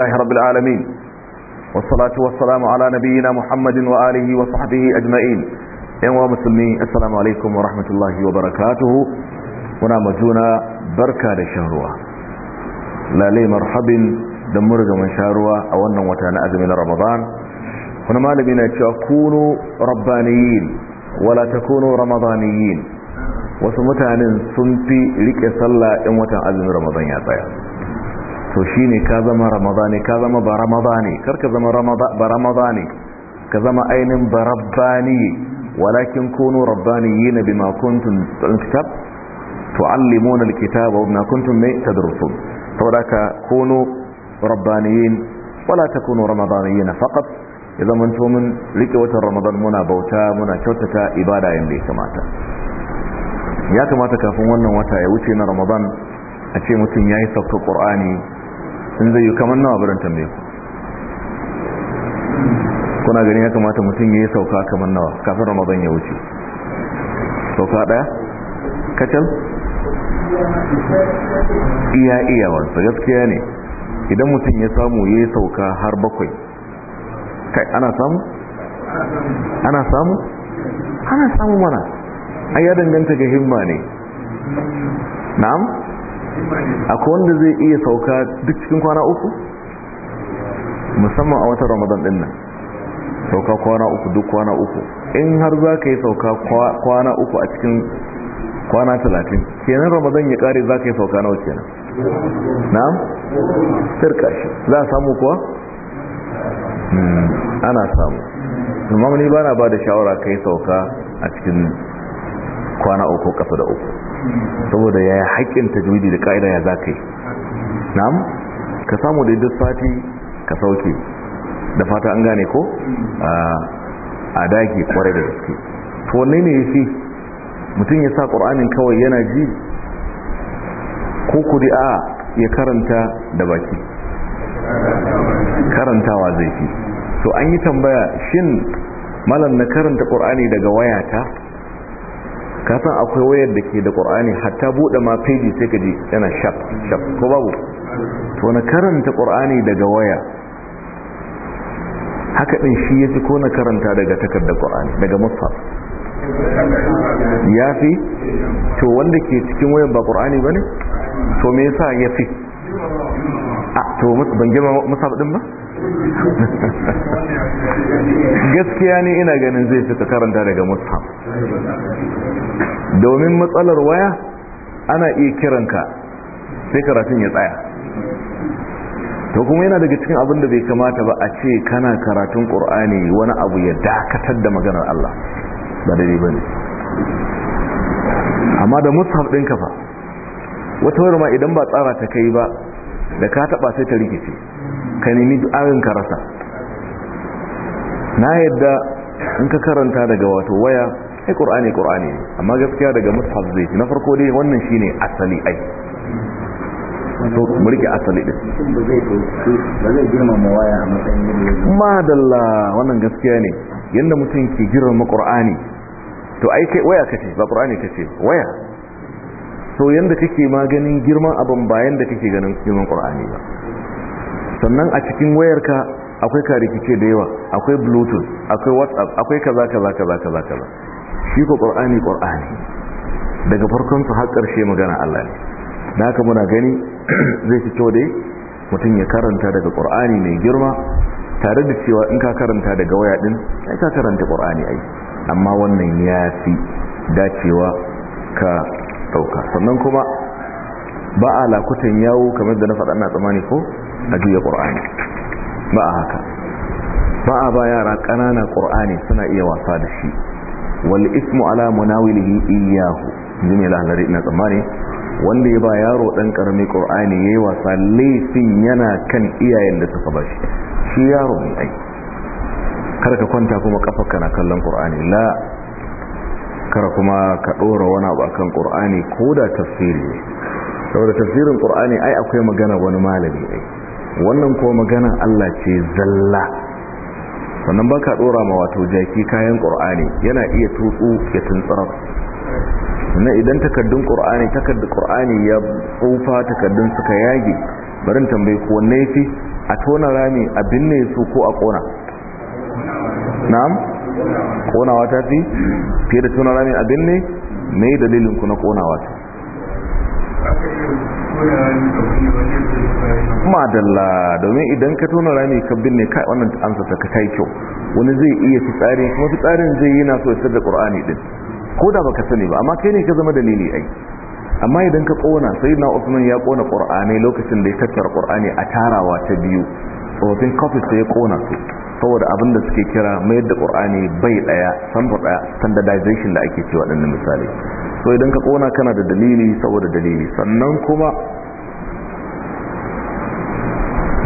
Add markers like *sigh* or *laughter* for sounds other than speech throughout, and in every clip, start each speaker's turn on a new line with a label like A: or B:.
A: الله رب العالمين والصلاة والسلام على نبينا محمد وآله وصحبه أجمعين يا مسلمين السلام عليكم ورحمة الله وبركاته ونامجونا بركة لشهرها لا لي مرحب دمرج من شهرها أولا وتانا أزمنا رمضان هنا ما لبنا كونوا ربانيين ولا تكونوا رمضانيين wasu mutanen sun fi rike sallah in watan azumin ramadan ya tsaya to shi ne ka zama ramadani ka zama ba ramadani kar ka zama ba ramadani ka zama ainihin ba rabbani walakin kunu rabbaniyin bima kuntum kitab To tuallimuna alkitaba wa bima kuntum tadrusun saboda ka kunu rabbaniyin wala ta takunu ramadaniyin faqat idan mun to mun rike watan ramadan muna bauta muna kyautata ibada yadda ya kamata ya kamata kafin wannan wata ya wuce na ramadan a ce mutum ya yi sauka ƙur'ani in zai yi kamar nawa barin tambaye ku kuna gani ya kamata mutum ya yi sauka kamar nawa kafin ramadan ya wuce sauka daya kacal iya iya wasu gaskiya ne idan mutum ya samu ya yi sauka har bakwai kai ana samu? ana samu? ana samu mana ai ya danganta ga himma ne na'am? akwai wanda zai iya sauka duk cikin kwana uku musamman a wata ramadan din nan sauka kwana uku duk kwana uku in har za ka yi sauka kwana uku a cikin kwana talatin kenan ramadan ya kare za ka yi sauka nawa kenan na'am sirka shi za a samu kuwa hmm, ana samu imam ni ba na ba da shawara ka yi sauka a cikin kwana uku kasa da uku saboda ya yi haƙƙin tajwidi da ƙa'ida ya za ka yi na'am ka samu da duk sati ka sauke da fata an gane ko a daki kwarai da gaske to wanne ne ya fi mutum ya sa ƙur'anin kawai yana ji ko kudi ya karanta da baki karantawa zai fi to an yi tambaya shin malam na karanta ƙur'ani daga wayata ka san akwai wayar da ke da ƙur'ani hatta buɗe ma feji sai ka ji yana shaf shaf ko babu to na karanta ƙur'ani daga waya haka ɗin shi ya fi ko na karanta daga takardar ƙur'ani daga musa ya fi to wanda ke cikin wayar ba ƙur'ani ba ne to me yasa ya fi a to ban girma musaf ɗin ba *laughs* gaskiya ne ina ganin zai fi karanta daga musa. domin matsalar waya ana iya kiranka sai karatun ya tsaya to kuma yana daga cikin abin da bai kamata ba a ce kana karatun ƙur'ani wani abu ya dakatar da maganar Allah ba daidai ba ne amma da mushaf ɗinka fa wata wayar ma idan ba tsara ta kai ba da ka taɓa sai ta rikice ka nemi ka rasa na yadda in ka karanta daga wato waya sai qur'ani qur'ani ne amma gaskiya daga mushaf zai na farko dai wannan shine asali ai to mu rike asali din ba zai girmama waya a matsayin yadda madalla wannan gaskiya ne yanda mutum ke girmama qur'ani to ai kai waya kace ba qur'ani kace waya so yanda kake ma ganin girman abin bayan da kake ganin girman qur'ani ba sannan a cikin wayarka akwai karikice da yawa akwai bluetooth akwai whatsapp akwai kaza kaza kaza kaza kaza shi ko qur'ani qur'ani daga farkon su har karshe magana Allah ne da haka muna gani *clears throat* zai fi kyau dai mutum ya karanta daga qur'ani mai girma tare da cewa in ka karanta daga waya din ya ka karanta qur'ani ai amma wannan ya fi dacewa ka ɗauka sannan kuma ba a lakutan yawo kamar da na faɗa na tsamani ko a juya qur'ani ba a haka ba a ba yara ƙanana qur'ani suna iya wasa da shi wal ismu ala munawilihi iyyahu jimi lahalari ina tsammani wanda ya ba yaro dan karami qur'ani yayi wasa laifin yana kan iyayen da suka bashi shi yaro mai ai kar ka kwanta kuma kafa kana kallon qur'ani la kar kuma ka dora wani abu akan qur'ani ko da tafsiri ne saboda tafsirin qur'ani ai akwai magana wani malami ai wannan ko magana Allah ce zalla sannan ba ka dora ma wato jaki kayan qur'ani yana iya tutsu ya tuntsarar sannan idan takardun qur'ani takardun qur'ani ya tsufa takardun suka yage barin tambayi ko wanne yafi a tona rami a binne su ko a ƙona na'am ƙonawa ta fi fiye da tona rami a binne me dalilin ku na ƙonawa ta madalla domin idan ka tona rami ka binne kai wannan amsa ta kai kyau wani zai iya fitsari kuma fitsarin zai yi na so ya da qur'ani din ko da baka sani ba amma kai ne ka zama dalili ai amma idan ka kona sai na usman ya kona qur'ani lokacin da ya tattar qur'ani a tarawa ta biyu tsofaffin kafi sai ya kona su saboda abin da suke kira mayar da qur'ani bai daya samfur daya standardization da ake cewa dinnan misali so idan ka kona kana da dalili saboda dalili sannan kuma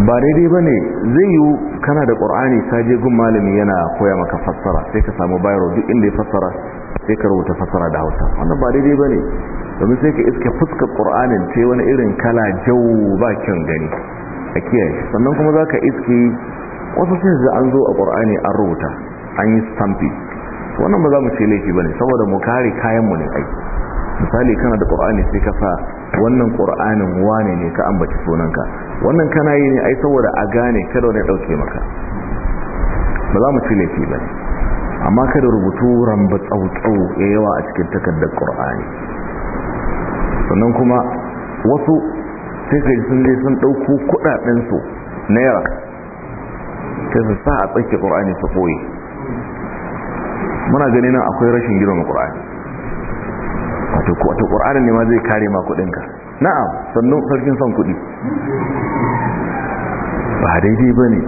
A: ba daidai ba ne zai yiwu kana da ƙor'ani ta je gun malami yana koya maka fassara sai ka samu bayarwa duk inda ya fassara sai ka rubuta fassara da hausa wannan ba daidai ba ne domin sai ka iska fuskar ƙorani ce wani irin kala jau ba kyan gani a kiyaye sannan kuma za ka iske wasu sun zai an zo a ƙor'ani an rubuta an yi stampi wannan ba za mu ce laifi ba ne saboda mu kare kayanmu ne ai misali kana da ƙor'ani sai ka sa wannan ƙorani wane ne ka ambaci sunanka wannan kana yi ne ai saboda a gane kada wani dauke maka ba za mu ci laifi ba amma kada rubutu ramba tsau ya yawa a cikin takardar ƙur'ani sannan kuma wasu sai ka sun je sun ɗauko kuɗaɗensu naira sai su sa a tsakiyar ƙur'ani su koyi muna ganin akwai rashin girma ƙur'ani wato ƙur'ani ne ma zai kare ma kuɗinka na'am sannan sarkin son kuɗi ba daidai ba ne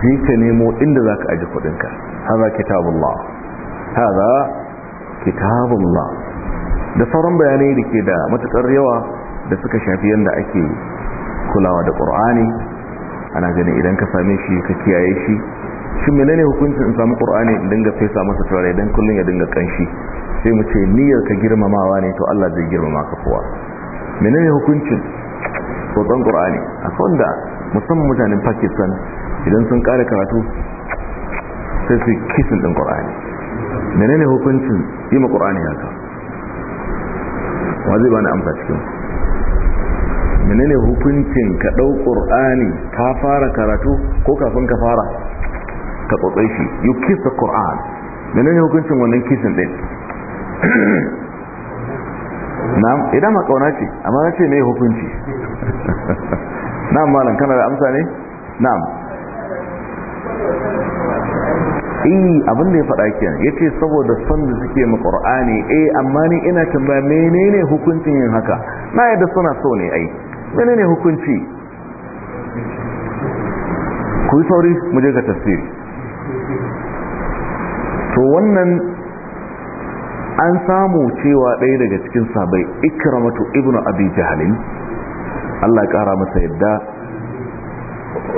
A: je ka nemo inda za ka aji kuɗinka haza kitabullah haza kitabullah da sauran bayanai da ke da matuƙar yawa da suka shafi yadda ake kulawa da ƙur'ani ana gani idan ka same shi ka kiyaye shi shi menene hukuncin in samu Ƙur'ani in dinga fesa masa turare don kullum ya dinga kanshi sai mu ce niyyar ka girmamawa ne to Allah zai girmama ka kuwa menene hukuncin tsotson qur'ani a wanda musamman mutanen pakistan idan sun kare karatu sai su kisin ɗin qur'ani menene hukuncin yi ma qur'ani haka wa zai bani amsa cikin menene hukuncin ka dau qur'ani ka fara karatu ko kafin ka fara ka tsotsai shi you kiss the qur'an menene hukuncin wannan kisin din na'am idan ma kauna ce amma na ce ne hukunci *laughs* na'am malam kana da amsa ne na'am eh abin da ya faɗa kenan yace saboda son da suke mu qur'ani eh amma ni ina tambaya menene hukuncin yin haka na yadda suna so ne ai menene hukunci ku yi sauri mu je ga tafsiri to wannan an samu cewa ɗaya daga cikin sabai ikramatu ibnu abi jahalin Allah ƙara masa yadda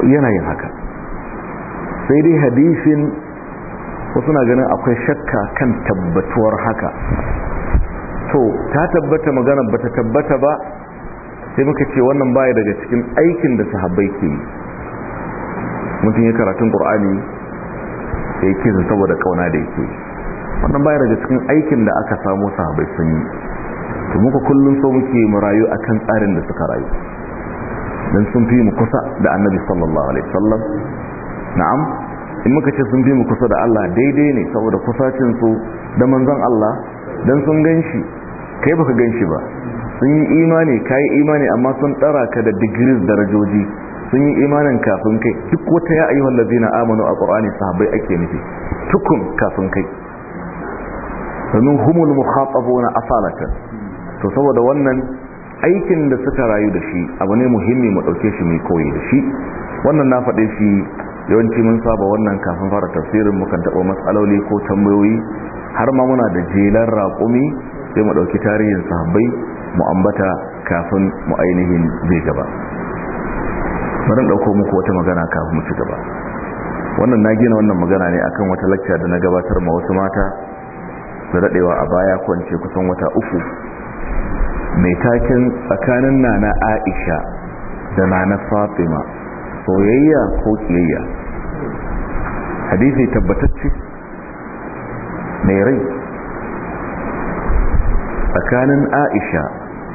A: yanayin haka sai dai hadisin wasu na ganin akwai shakka kan tabbatuwar haka to ta tabbata magana ba ta tabbata ba sai muka ce wannan baya daga cikin aikin da sahabbai ke yi mutum ya karatun ƙur'ani da yake saboda ƙauna da yake yi wannan bayar daga cikin aikin da aka samu sahabai sun yi to muka kullum so muke mu rayu akan tsarin da suka rayu dan sun fi mu kusa da annabi sallallahu alaihi wasallam na'am in muka ce sun fi mu kusa da Allah daidai ne saboda kusacin su da manzon Allah dan sun ganshi kai baka ganshi ba sun yi imani kai imani amma sun tsara ka da degrees darajoji sun yi imanin kafin kai duk wata ya ayyuhallazina amanu a qur'ani sahabbai ake nufi tukun kafin kai famin humul mukhatabuna asalatan to saboda wannan aikin da suka rayu da shi abu ne muhimmi mu dauke shi mai koyi da shi wannan na faɗe shi yawanci mun saba wannan kafin fara tafsirin mukan taɓa matsaloli ko tambayoyi har ma muna da jelan raƙumi sai mu ɗauki tarihin sahabbai mu ambata kafin mu ainihin zai gaba bari ɗauko muku wata magana kafin mu ci gaba wannan na gina wannan magana ne akan wata lacca da na gabatar ma wasu mata da daɗewa a baya kwanci kusan wata uku mai taken tsakanin nana aisha da nana fatima soyayya ko kiyayya hadisi tabbatacce mai rai tsakanin aisha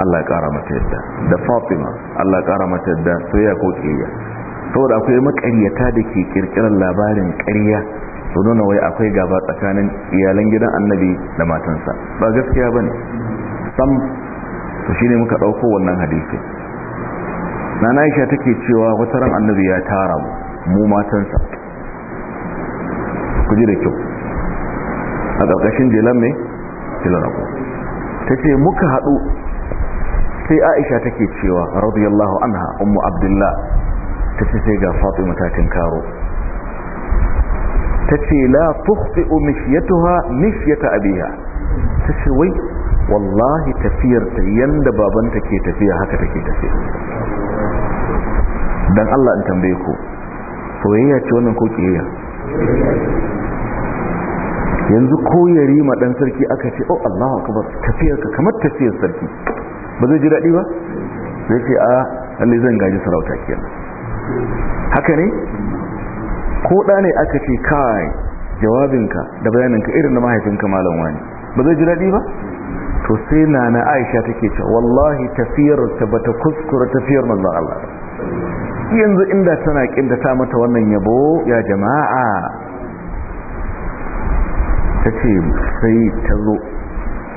A: allah ƙara mata yadda da fatima allah ƙara mata yadda soyayya ko kiyayya saboda akwai makaryata da ke kirkirar labarin ƙarya su nuna wai akwai gaba tsakanin iyalan gidan annabi da matansa ba gaskiya ba ne sam su shi ne muka ɗauko wannan hadisi na na'isha take cewa wata ran annabi ya tara mu matansa ku ji da kyau a ƙarƙashin jelan mai jelan abu ta ce muka haɗu sai aisha take cewa radiyallahu anha ummu abdullah ta ce sai ga fatima ta tinkaro ta ce la tufi mishyatuha mishyata abiya ta ce wai wallahi tafiyar ta yanda babanta ke tafiya haka take tafiya dan Allah in tambaye ku soyayya ce wannan ko kiyayya yanzu ko yarima ma dan sarki aka ce oh Allahu akbar tafiyar ka kamar tafiyar sarki ba zai ji daɗi ba zai ce a ah, lalle zan gaji sarauta kenan haka ne ko ɗa ne aka ce kai jawabinka da bayaninka irin da mahaifinka malam wani ba zai ji daɗi ba to sai na na aisha take ce wallahi tafiyar ta bata kuskura tafiyar manzon Allah yanzu inda tana da ta mata wannan yabo ya jama'a tace sai ta zo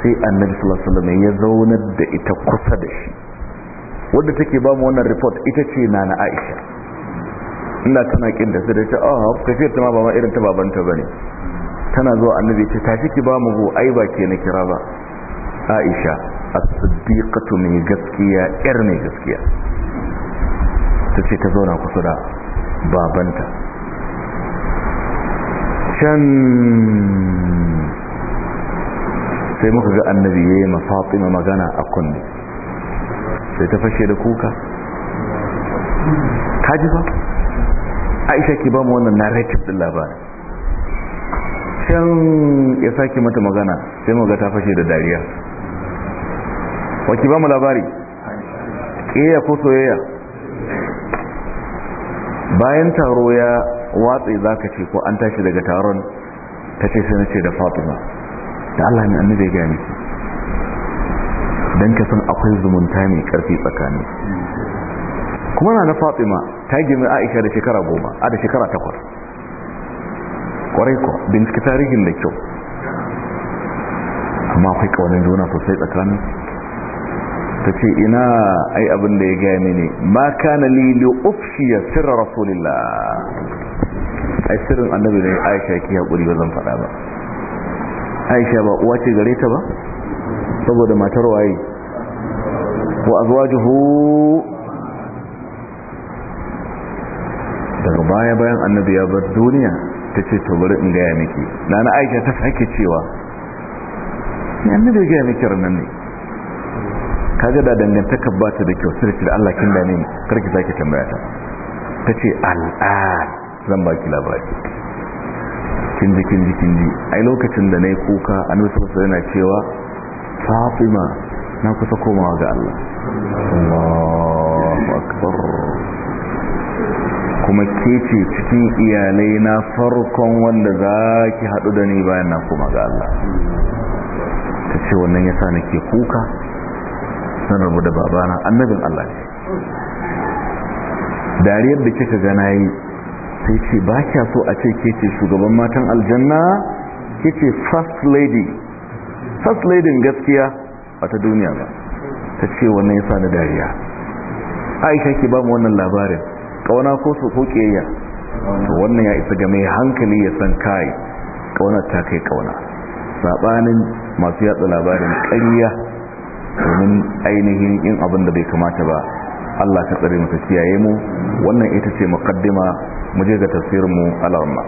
A: sai annabi sallallahu alaihi wasallam ya zaunar da ita kusa da shi wanda take ba mu wannan report ita ce na na aisha ina tana kin da su da ta ah kafiyar ta ma ba ma irin ta babanta bane tana zuwa annabi ce tashi ki ba mu go ai ba ke na kira ba Aisha as-siddiqatu min gaskiya yar ne gaskiya tace ta zauna kusa da babanta can sai muka ga annabi yayi ma Fatima magana a kunne sai ta fashe da kuka kaji ba aisha ke bamu mu wannan narrative din labarin can ya sake mata magana sai mu ga ta fashe da dariya waki ba mu labari ƙiyayya ko soyayya bayan taro ya watsa za ka ce ko an tashi daga taron ta ce sai na ce da fatima da allah ne annabi ya gani don ka san akwai zumunta mai karfi tsakani kuma na na fatima ta yi gimi aisha da shekara goma a da shekara takwas kwarai ko bincike tarihin da kyau amma akwai kawanin juna sosai tsakanin ta ce ina ai abin da ya gaya mini ma kana li li ya sirra rasulillah ai sirrin annabi ne aisha ki hakuri ba zan faɗa ba aisha ba uwa ce gare ta ba saboda matar waye wa azwajuhu daga baya bayan annabi ya bar duniya ta ce to bari in gaya miki na na aisha ta sake cewa ni annabi ya gaya miki ranar ne kaga da dangantaka ba ta da kyau sirri da Allah kin da ne karki sake tambaya ta ta ce al'ad zan baki labari kin ji kin ji kin ji ai lokacin da nayi kuka annabi sallallahu alaihi wasallam yana cewa Fatima na kusa komawa ga Allah kuma ke ce cikin iyalai na farkon wanda za ki haɗu da ni bayan na koma ga Allah ta ce wannan ya sa nake kuka na rabu da babana annabin Allah ne dariyar da kika gana yi sai ce ba kya so a ce ke ce shugaban matan aljanna ke ce first lady first lady gaskiya a ta duniya ba ta ce wannan ya sa na dariya aisha ke ba mu wannan labarin kauna ko su ko to wannan ya isa ga mai hankali ya san kai kauna ta kai kauna sabanin masu yatsa labarin ƙarya domin ainihin yin abin da bai kamata ba Allah ka tsare mu ta kiyaye mu wannan ita ce muqaddima mu je ga tafsirin mu alawma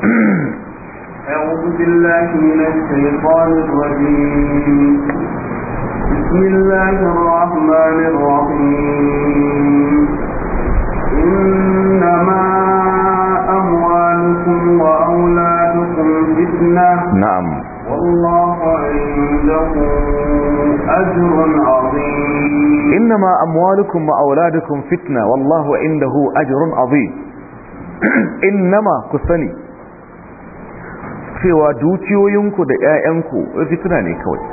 B: أعوذ بالله من الشيطان الرجيم بسم الله الرحمن الرحيم إنما أموالكم وأولادكم فتنة نعم والله عنده أجر عظيم إنما
A: أموالكم وأولادكم فتنة والله عنده أجر عظيم إنما كثني cewa dukiyoyinku da 'ya'yanku fitina ne kawai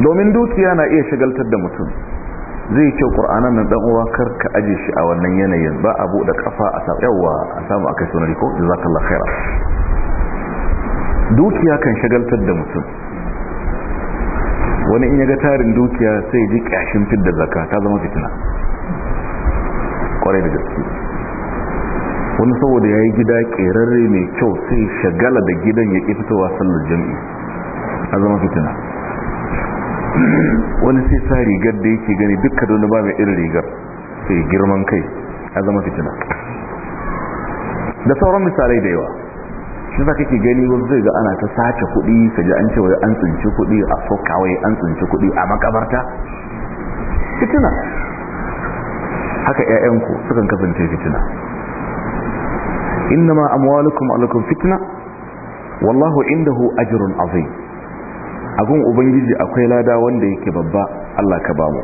A: domin dukiya na iya shagaltar da mutum zai kyau ƙur'anan ɗan uwa kar ka aje shi a wannan yanayin ba a buɗe ƙafa a samu yawa a samu a kai da ko ka khaira dukiya kan shagaltar da mutum wani in ya ga tarin dukiya sai ji ƙyashin fidda zaka ta zama fitina kwarai da gaske wani saboda ya yi gida ƙerarre mai kyau sai shagala da gidan ya ƙi fitowa sallar jam'i a zama fitina wani sai sa rigar da yake gani dukkan wani ba mai irin rigar sai girman kai a zama fitina da sauran misalai da yawa shi za kake gani wani zai ga ana ta sace kuɗi ka ji an ce an tsinci kuɗi a sokawai an tsinci kuɗi a makabarta fitina haka 'ya'yanku sukan kasance fitina innama amwalukum alakum fitna wallahu indahu ajrun azim abin ubangiji akwai lada wanda yake babba Allah ka bamu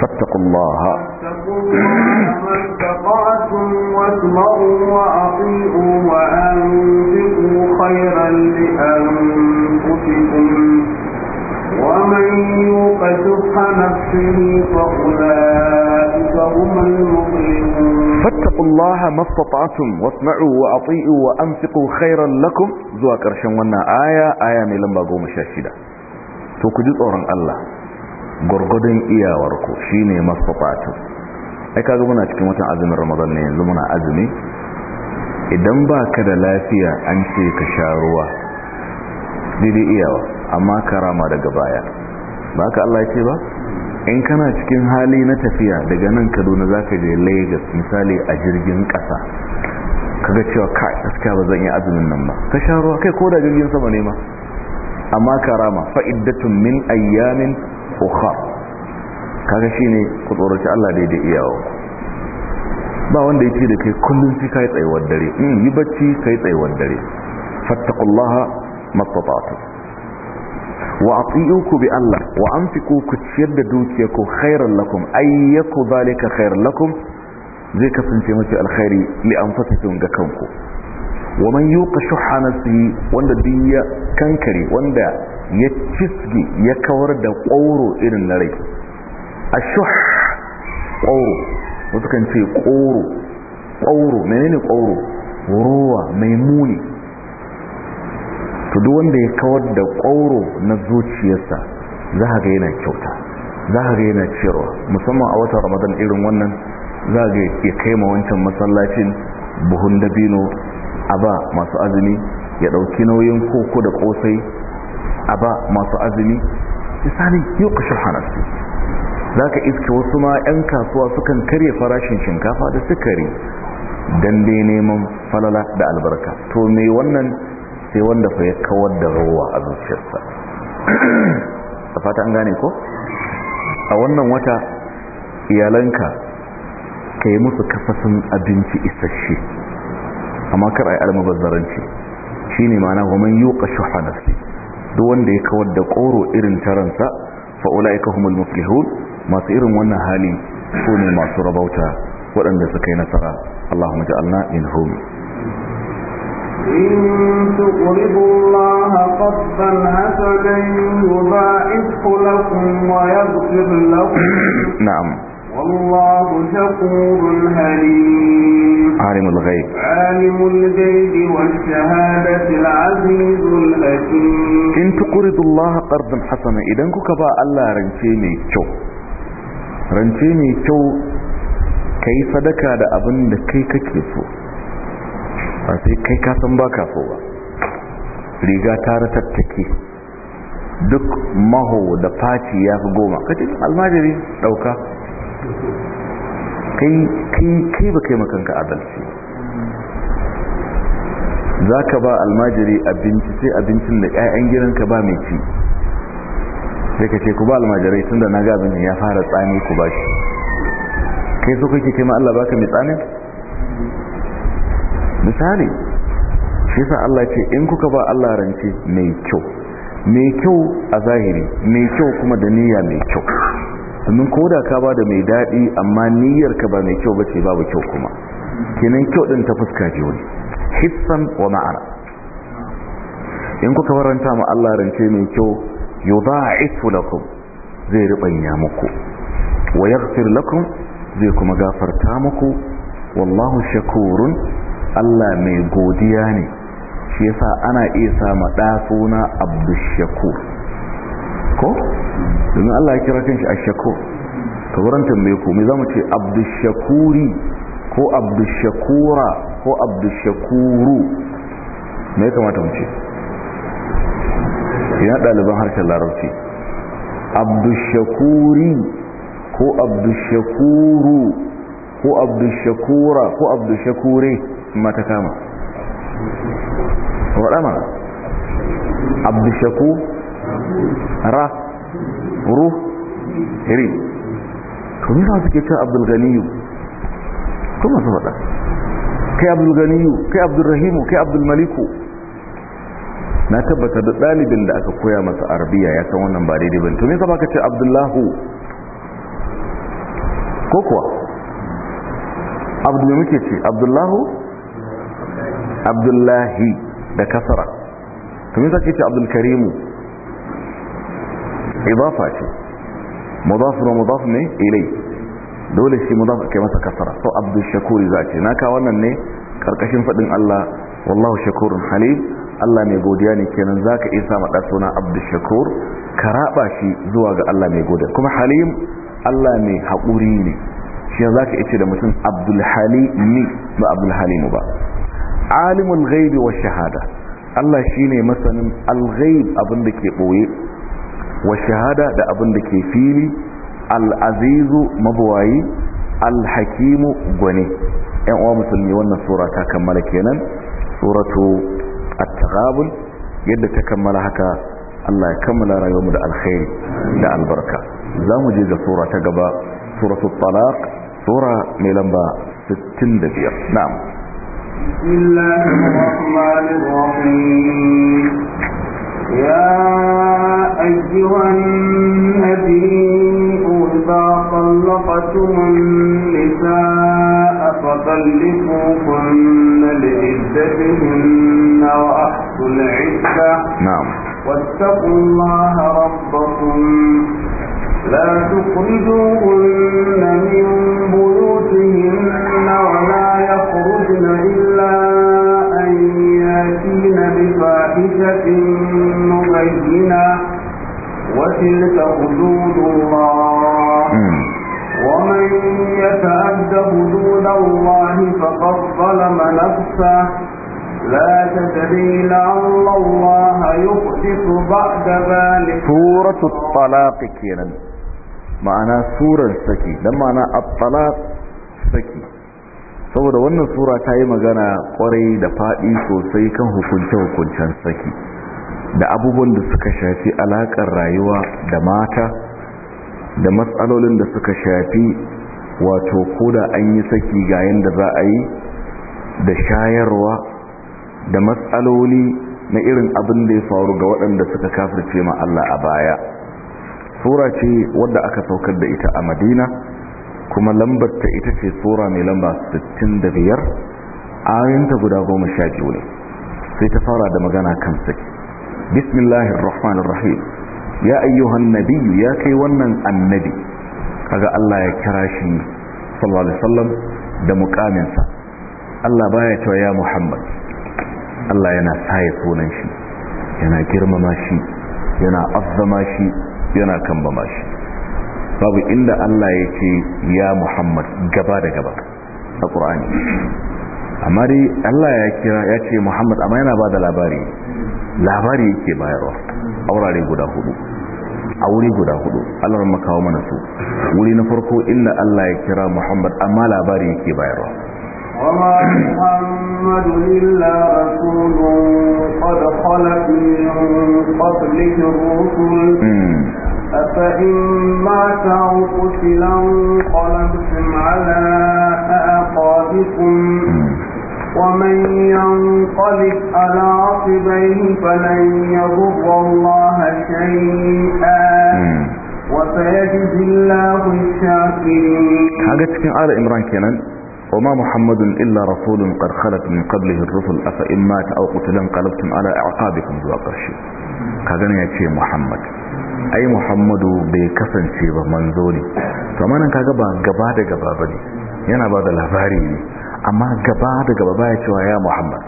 A: fattakullaha
B: ومن يوق شح نفسه فأولئك
A: فاتقوا الله ما استطعتم واسمعوا واطيعوا وانفقوا خيرا لكم zuwa karshen wannan aya aya mai lamba goma sha shida to ku ji tsoron Allah gurgudun iyawarku shine masfafatu ai kaga muna cikin watan azumin Ramadana yanzu muna azumi idan baka da lafiya an ce ka sha ruwa daidai iyawa amma karama daga baya ba ka Allah ya ce ba in kana cikin hali na tafiya daga nan kaduna za ka je lagos misali a jirgin ƙasa kaga cewa ka aska ba zan yi azumin nan ba ka sha ruwa kai ko da jirgin sama ne ma amma karama fa'iddatun min ayyamin ukha kaga shine ku tsoraci Allah daidai iyawa ba wanda yake da kai kullum sai kai tsayuwar dare in mm, yi bacci kai tsayuwar dare fattaqullaha mastata'tu wa ati'uku bi Allah wa anfiqu ku ciyar da dukiyarku khairan lakum ayyaku zalika khairan lakum zai kasance mace alkhairi li anfusikum ga kanku wa man yuqa shuhha nafsihi wanda diya kankare wanda ya cisge ya kawar da ƙoro irin na rai ashuh ƙoro wasu kan ce ƙoro ƙoro menene ƙoro ruwa mai muni to duk wanda ya kawar da ƙwauro na zuciyarsa za ga yana kyauta za ga yana ciyarwa musamman a watan ramadan irin wannan za ga ya kai ma wancan masallacin buhun dabino a ba masu azumi ya ɗauki nauyin koko da ƙosai a ba masu azumi sani yau ka su za ka iske wasu ma 'yan kasuwa sukan karya farashin shinkafa da sukari don dai neman falala da albarka to me wannan sai wanda fa ya kawar da rawa a zuciyarsa a fata an gane ko a wannan wata iyalanka ka yi musu kafasin abinci isasshe amma kar a yi almubazzaranci shi ne mana wa man yi ƙashi duk wanda ya kawar da ƙoro irin taransa fa'ula'ika humul muflihun masu irin wannan hali su ne masu rabauta waɗanda suka yi nasara Allahumma in minhum
B: إن تقرضوا الله قرضا حسنا ويغفر لكم *coughs* نعم والله شكور حليم عالم الغيب عالم الغيب والشهادة العزيز الحكيم
A: إن تقرضوا الله قرضا حسنا إذا كبا الله رنشيني كو رنشيني كو كيف دكا دا أبن كي كيف ba sai kai kasan ba ka ba riga ta ratattake duk maho da fati ya fi goma kace almajiri dauka kai ba kai makanka adalci za ka ba almajiri abinci sai abincin da 'ya'yan gidanka ba mai ci sai ka ce ku ba almajirai tun da na gabin ya fara tsami ku ba shi kai so kake kai ma Allah baka mai tsamin misali shi sa Allah ce in kuka ba Allah rance mai kyau mai kyau a zahiri mai kyau kuma da niyya mai kyau domin ko da ka ba da mai daɗi amma niyyar ka ba mai kyau ba ce babu kyau kuma kenan kyau ɗin ta fuska ji wani hissan wa ma'ana in kuka waranta ma Allah rance mai kyau yau za a yudha'ifu lakum zai riɓanya muku wa yaghfir lakum zai kuma gafarta muku wallahu shakurun Allah mai godiya ne shi yasa ana iya sama ɗa suna abdushakur ko? domin Allah ya kira kanshi ashakur to wurin tambaye ku mai zama ce abdushakuri ko abdushakura ko abdushakuru mai kamata mu ce yana ɗaliban harshen larabci abdushakuri ko abdushakuru ko abdushakura ko abdushakure ma ta kama faɗa mana abdushaku ra ru ri to ne sa suke cewa abdulganiyu to masu faɗa kai abdulganiyu kai abdulrahimu kai abdulmaliku na tabbata da ɗalibin da aka koya masa arabiya ya san wannan ba daidai ba to ne sa baka ce abdullahu ko kuwa abdu muke ce abdullahu abdullahi da kasara kuma zaka ce abdul karimu idafa ce mudaf wa mudaf ne ilai dole shi mudaf ke masa kasara to abdul shakur na ka wannan ne karkashin fadin Allah wallahu shakurun halim Allah mai godiya ne kenan zaka isa mada suna abdul shakur karaba shi zuwa ga Allah mai godiya kuma halim Allah mai haƙuri ne shi zaka ice da mutum abdul halimi ba abdul halimu ba alimul ghaibi wa shahada Allah shine masanin al-ghaib abin da ke boye wa shahada da abin da ke fili al-azizu mabwayi al-hakimu gwani yan uwa musulmi wannan sura ta kammala kenan suratu at-taghabul yadda ta kammala haka Allah ya kammala rayuwarmu da alkhairi da albarka za mu je ga sura ta gaba suratul talaq sura mai lamba 65 na'am
B: بسم الله الرحمن الرحيم يا أيها النبي إذا طلقتم النساء فطلقوهن لعدتهن وأحصوا العدة نعم واتقوا الله ربكم لا تخرجوهن من بيوتهن ولا يخرجن إلا أن ياتين بفاحشة مبينة وتلك حدود الله ومن يتعد حدود الله فقد ظلم نفسه لا تدري لعل الله يحدث بعد ذلك
A: سورة الطلاق كيرا معنى سورة سكي ده الطلاق سكي saboda wannan sura ta yi magana kwarai da faɗi sosai kan hukunce-hukuncen saki da abubuwan da suka shafi alaƙar rayuwa da mata da matsalolin da suka shafi wato koda an yi saki ga yadda za a yi da shayarwa da matsaloli na irin abin da ya faru ga waɗanda suka kafirce ma Allah a baya sura ce wadda aka saukar da ita a madina kuma lambar ta ita ce tsora mai lamba 65 ta guda goma sha biyu ne sai ta fara da magana kan saki bismillahir rahmanir rahim ya ayyuhan nabiyyu ya kai wannan annabi kaga Allah ya kira shi sallallahu alaihi wasallam da muqaminsa, Allah baya ta ya Muhammad Allah yana saye sunan shi yana girmama shi yana azzama shi yana kambama shi babu inda Allah ya ce ya Muhammad gaba da gaba a Qur'ani amma dai Allah ya kira ya ce Muhammad amma yana bada labari labari yake bayarwa a wurare guda hudu a wuri guda hudu Allah ran makawo mana su wuri na farko inda Allah ya kira Muhammad amma labari yake bayarwa
B: وما محمد إلا رسول قد خلت من قبله الرسل hmm. أفإن مات أو قتل انقلبتم على أعقابكم ومن ينقلب على عقبيه فلن يضر الله شيئا وسيجزي الله الشاكرين. حاجة كان
A: على إمران كينان وما محمد إلا رسول قد خلت من قبله الرسل أفإن مات أو قتل انقلبتم على أعقابكم ذو قرشي كذا يأتي محمد أي محمد بكسن شيبة منزولي فما نكاقبا قبا دا قبا بني ينا بعد الهفاري أما قبا دا قبا بايتوا يا محمد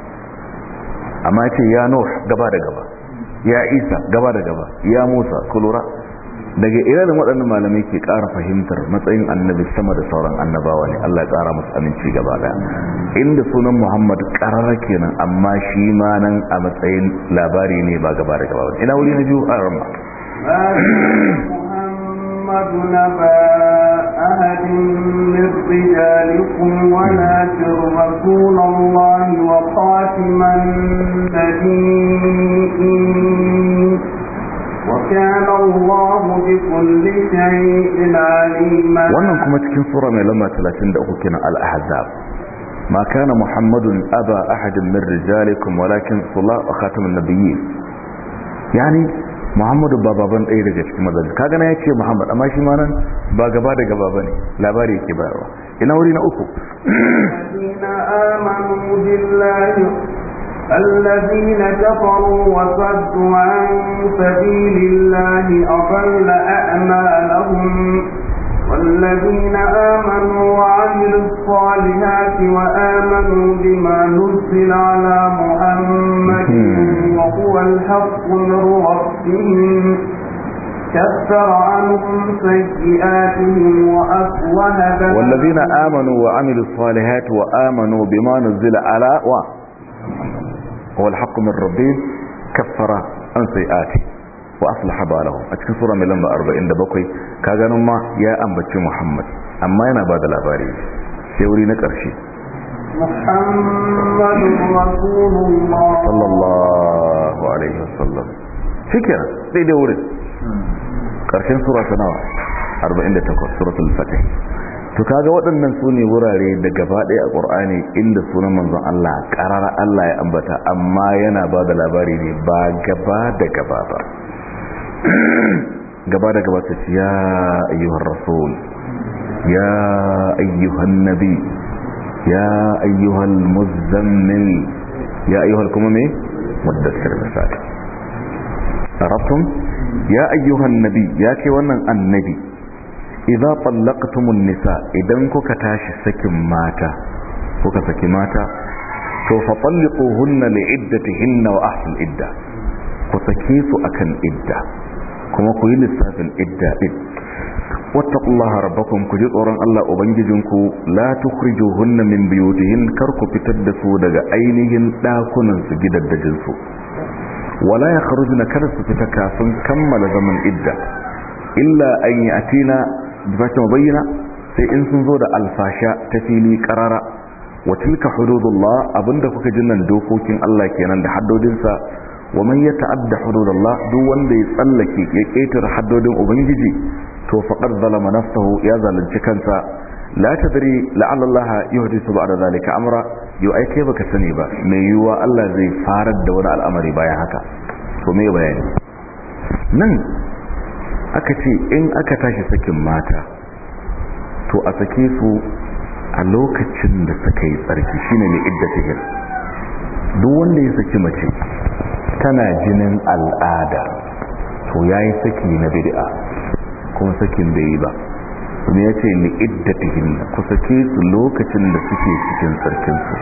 A: أما يأتي يا نوح قبا دا قبا ya isa gaba da gaba ya musa kulura daga iranin waɗannan malamai ke ƙara fahimtar matsayin annabi sama da sauran annabawa ne Allah ya ƙara masu aminci gaba ɗaya inda sunan Muhammad ƙarara kenan amma shi ma nan a matsayin labari ne ba gaba da gaba ina wuri na biyu a ramma
B: محمد نبا أهد من وكان wannan kuma cikin sura
A: mai lamba 33 kenan al-ahzab ma kana muhammadun aba ahadin min rijalikum walakin sula wa khatamun nabiyyin yani muhammadu ba baban ɗaya daga cikin mazalin kaga na yace muhammad amma shi ma ba gaba daga gaba bane labari yake bayarwa ina wuri na uku
B: amanu billahi الذين كفروا وصدوا عن سبيل الله أضل أعمالهم والذين آمنوا وعملوا الصالحات وآمنوا بما نزل على محمد hmm. وهو الحق من ربهم كفر عنهم سيئاتهم وأصلح والذين
A: آمنوا وعملوا الصالحات وآمنوا بما نزل على و... هو الحق kafara an sai عن سيئاته واصلح باله a cikin sura mai lamba 47 ka ganin ma ya ambaci Muhammad amma yana ba da labari sai wuri na ƙarshe
B: Muhammadur Rasulullah
A: sallallahu alaihi wasallam shikenan sai da wurin ƙarshen sura ta nawa 48 suratul fatih to kaga waɗannan su ne wurare da gaba ɗaya a ƙur'ani inda sunan manzon Allah ƙarara Allah ya ambata amma yana ba da labari ne ba gaba da gaba ba *clears throat* gaba da gaba ta ya ayyuhar rasul ya ayyuhan nabi ya ayyuhal muzammil ya ayyuhal kuma me muddassir misali arabtum ya ayyuhan nabi ya ce wannan annabi idza tallaqtumun nisa idan kuka tashi sakin mata kuka saki mata to fa talliquhunna li iddatihinna wa ahsul idda ku sake su akan idda kuma ku yi lissafin idda din wattaqullaha rabbakum ku ji tsoron Allah ubangijinku la tukhrijuhunna min buyutihin kar ku fitar da su daga ainihin ɗakunansu su gidaddajin su wala na kar su fita kafin kammala zaman idda illa an yatina ma mabayyana sai in sun zo da alfasha ta fili karara wa tilka hududullah abinda kuka ji nan dokokin Allah kenan da haddodinsa wa man ta'adda hududullah duk wanda ya tsallake ya ketar haddodin ubangiji to faqad zalama nafsahu ya zalunci kansa la tadri la'alla Allah yuhdisu ba'da zalika amra yau ai kai baka sani ba mai yiwuwa Allah zai farar da wani al'amari bayan haka to me bayani nan aka ce in aka tashi sakin mata to a sake su a lokacin da suka yi tsarki shi ne iddatihin duk wanda ya saki mace tana jinin al'ada to ya yi saki na bid'a kuma sakin bai yi ba kuma ya ce ni iddatihin ku sake su lokacin da suke cikin tsarkinsu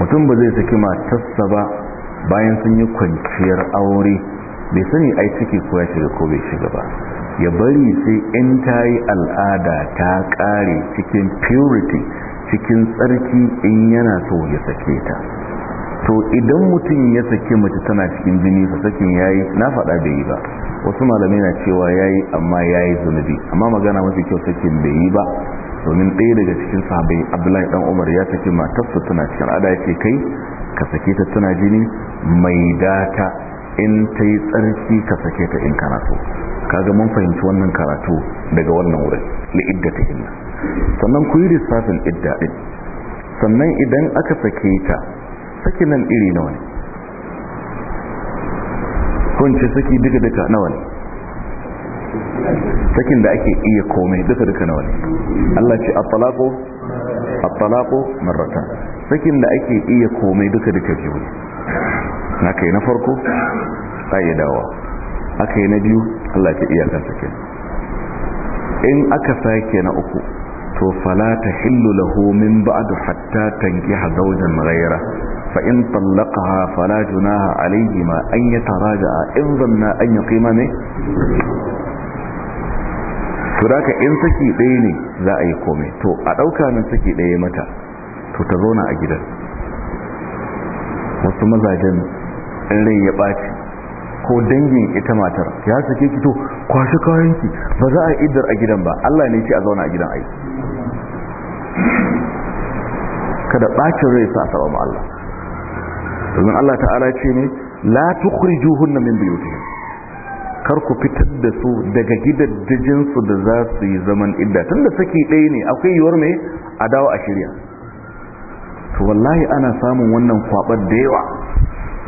A: mutum ba zai saki matarsa ba bayan sun yi kwanciyar aure bai sani ai ciki koya ya shiga ko bai shiga ba ya bari sai in ta yi al'ada ta kare cikin purity cikin tsarki in yana so ya sake ta to idan mutum ya sake mace tana cikin jini fa sakin yayi na faɗa da yi ba wasu malamai na cewa yayi amma yayi zunubi amma magana mafi kyau sakin bai yi ba domin ɗaya daga cikin sahabai abdullahi dan umar ya sake matarsa tana cikin ada ce kai ka sake ta tana jini mai data in ta yi tsarki ka sake ta in kana so kaga mun fahimci wannan karatu daga wannan wurin idda ta hinna sannan ku yi lissafin idda ɗin sannan idan aka sake ta saki nan iri na wani. kunce saki duka duka na wani, sakin da ake iya komai duka duka na wani, Allah ce at-talaqu at-talaqu marratan sakin da ake iya komai duka duka biyu aka yi na farko za a yi dawa aka yi na biyu Allah ce iya kansa ke in aka sake na uku to fala ta hillu lahu min ba'du hatta tankiha zawjan ghayra fa in tallaqaha fala junaha alayhi ma an yataraja'a in zanna an yuqima ne to daka in saki ɗaya ne za a yi komai to a ɗauka nan saki ɗaya mata to ta zauna a gidan wasu mazajen rai ya ɓaci ko dangin ita matar ya sake ki to kwashi kayanki ba za a idar a gidan ba Allah ne ce a zauna a gidan ai kada bacin rai sa saba ma Allah domin Allah ta'ala ce ne la tukhrijuhunna min biyu kar ku fitar da su daga gidan su da za su yi zaman idda tunda saki ɗaya ne akwai yiwuwar me a dawo a shirya to wallahi ana samun wannan kwabar da yawa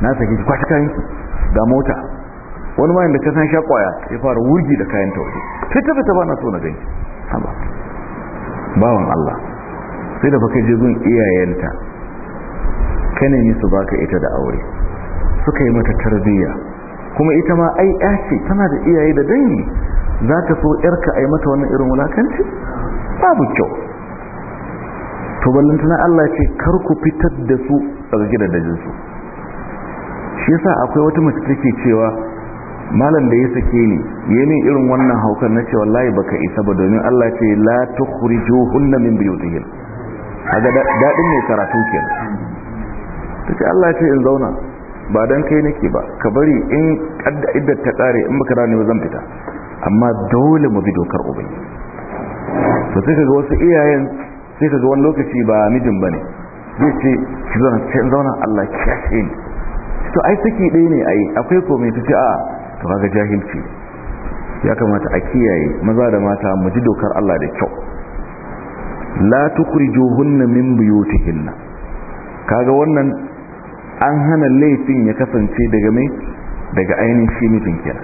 A: na sake shi kwashi kayan Da mota wani mayan da ka san sha kwaya ya fara wurgi da kayan ta waje ta fita ba na so na gani haba bawan Allah sai da baka je gun iyayenta kane ni su baka ita da aure suka yi mata tarbiyya kuma ita ma ai ya ce tana da iyaye da dangi za ka so yarka a yi mata wannan irin wulakanci babu kyau to ballantana Allah ce kar ku fitar da su da dajinsu shi yasa akwai wata mace take cewa malam da ya sake ni yayin min irin wannan haukar nace wallahi baka isa ba domin Allah ce la tukhrijuhunna min buyutihin aga dadin ne karatu
C: kenan
A: ce Allah ce in zauna ba dan kai nake ba ka bari in kadda idda ta kare in baka rani ba zan fita amma dole mu bi dokar ubangi to sai kaga wasu iyayen sai kaga wani lokaci ba mijin bane zai ce ki zauna zauna Allah ki ni to ai saki ɗaya ne ai akwai komai ta ce a to ga jahilci ya kamata a kiyaye maza da mata mu ji dokar Allah da kyau la tukhrijuhunna min buyutihinna kaga wannan an hana laifin ya kasance daga mai daga ainihin shi mijin kira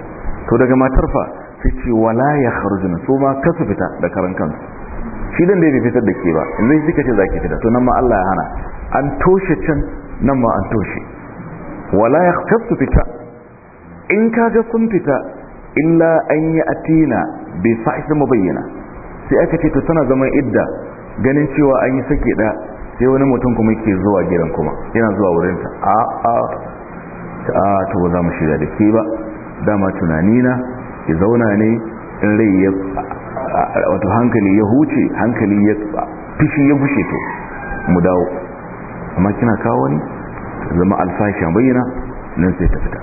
A: to daga matar fa sai ce wala ya kharujuna so ma kasu fita da karan kansu shi dan dai bai fitar da ke ba in zai kika ce zaki fita to nan ma Allah ya hana an toshe can nan ma an toshe wala ya su fita in kaga sun fita illa an yi atina bai sa'isin mabayyana sai aka ce to tana zaman idda ganin cewa an yi sake da sai wani mutum kuma ke zuwa gidan kuma yana zuwa wurinta a a ta ta za mu shiga da ke ba dama tunani na ya zauna ne in rai ya wato hankali ya huce hankali ya fishi ya bushe to mu dawo amma kina kawo ni. zama alfasha bayyana nan sai ta fita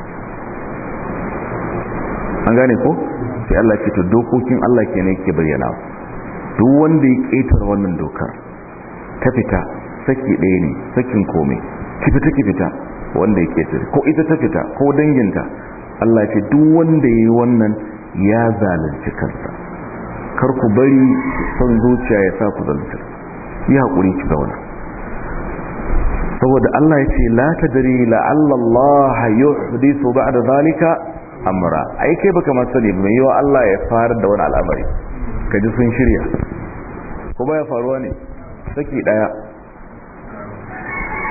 A: an gane ko sai Allah ke ta dokokin Allah ke ne ke bayyana duk wanda ya ƙetar wannan dokar ta fita saki ɗaya ne sakin komai ki fita ki fita wanda ya ƙetar ko ita ta fita ko danginta Allah ce duk wanda ya yi wannan ya zalunci kansa kar ku bari son zuciya ya sa ku zalunci ya haƙuri ki zauna saboda Allah ya ce la tadri la Allah ba ba'da zalika amra ai kai baka ma sani mai yiwa Allah ya fara da wani al'amari ka ji sun shirya ko ya faruwa ne saki daya